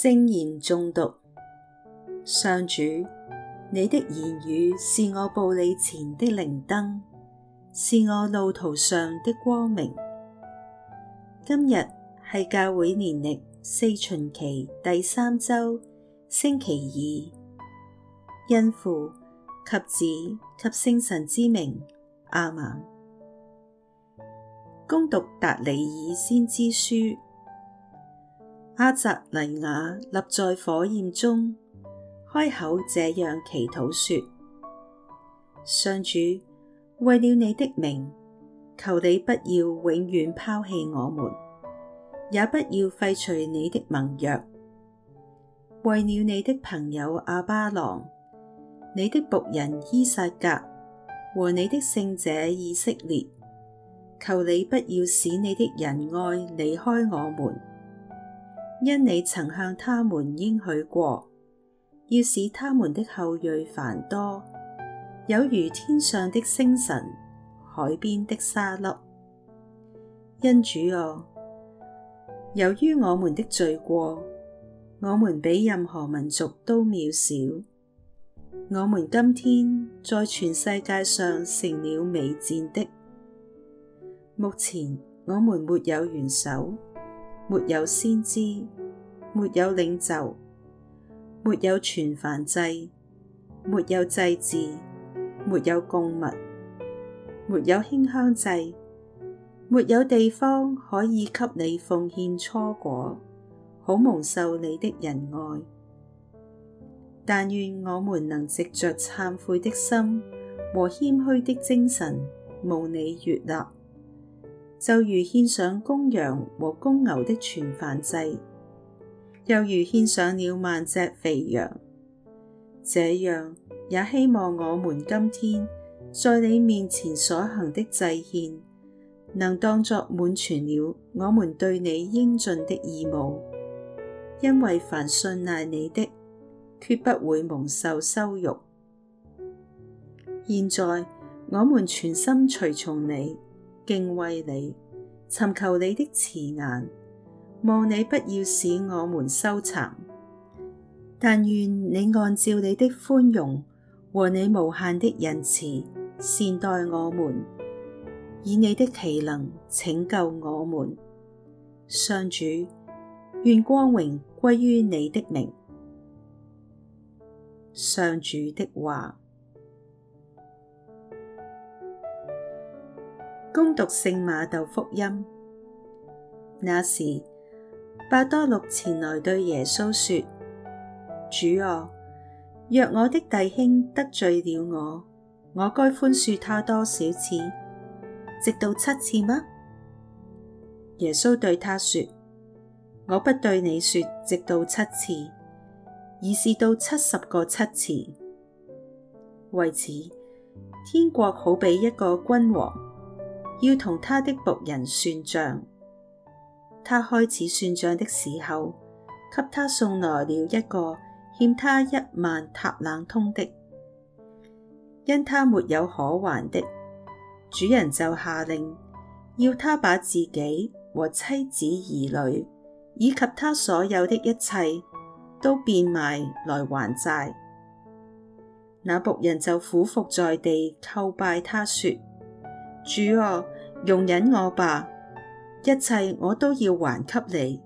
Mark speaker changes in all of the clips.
Speaker 1: 聖言誦讀。上主，你的言語是我步履前的靈燈，是我路途上的光明。今日係教會年曆四旬期第三周星期二，因父及子及聖神之名，阿們。恭讀達尼爾先知書。阿匝黎雅立在火焰中，開口這樣祈禱說：上主，為了你的名，求你不要永遠拋棄我們，也不要廢除你的盟約。為了你的朋友亞巴郎、你的僕人依撒格和你的聖者以色列，求你不要使你的仁愛離開我們。因你曾向他們應許過，要使他們的後裔繁多，有如天上的星辰、海邊的沙粒。恩主哦、啊，由於我們的罪過，我們比任何民族都渺小。我們今天在全世界上成了微賤的，目前我們沒有元首。沒有先知，沒有領袖，沒有全燔祭，沒有祭祀，沒有供物，沒有馨香祭，沒有地方可以給你奉獻初果，好蒙受你的仁愛。但願我們能藉着懺悔的心和謙虛的精神，蒙你悅納。就如獻上公羊和公牛的全燔祭，又如獻上了萬隻肥羊，這樣也希望我們今天在你面前所行的祭獻，能當作滿全了我們對你應盡的義務，因為凡信賴你的，決不會蒙受羞辱。現在我們全心隨從你。敬畏你，尋求你的慈顏，望你不要使我們羞慚。但願你按照你的寬容和你無限的仁慈善待我們，以你的奇能拯救我們。上主，願光榮歸於你的名。上主的話。恭讀聖瑪竇福音，那時伯多祿前來對耶穌說：主哦、啊，若我的弟兄得罪了我，我該寬恕他多少次？直到七次嗎？耶穌對他說：我不對你說，直到七次，而是到七十個七次。為此，天國好比一個君王。要同他的僕人算賬。他開始算賬的時候，給他送來了一個欠他一萬塔冷通的。因他沒有可還的，主人就下令要他把自己和妻子兒女，以及他所有的一切都變賣來還債。那僕人就俯伏在地叩拜，他說：主哦、啊，容忍我吧，一切我都要還給你。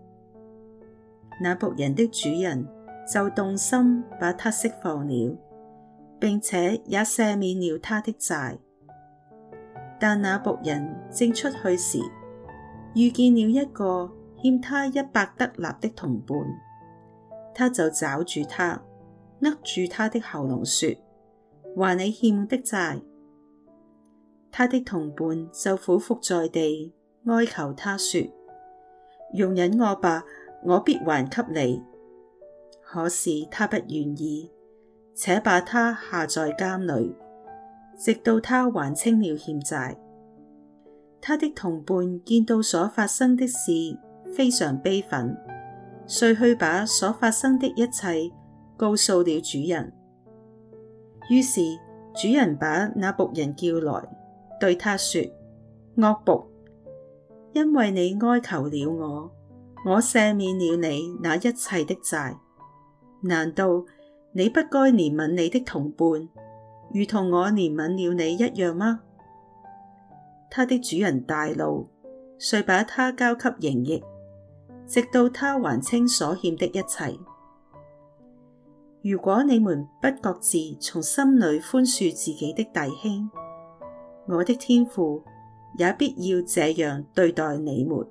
Speaker 1: 那僕人的主人就動心，把他釋放了，並且也赦免了他的債。但那僕人正出去時，遇見了一個欠他一百德納的同伴，他就抓住他，扼住他的喉嚨說，還你欠的債。他的同伴就俯伏在地哀求他說：容忍我吧，我必還給你。可是他不願意，且把他下在監裡，直到他還清了欠債。他的同伴見到所發生的事，非常悲憤，遂去把所發生的一切告訴了主人。於是主人把那僕人叫來。對他說：惡僕，因為你哀求了我，我赦免了你那一切的債。難道你不該憐憫你的同伴，如同我憐憫了你一樣嗎？他的主人大怒，遂把他交給刑役，直到他還清所欠的一切。如果你們不各自從心裡寬恕自己的弟兄，我的天父，也必要這樣對待你們。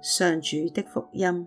Speaker 1: 上主的福音。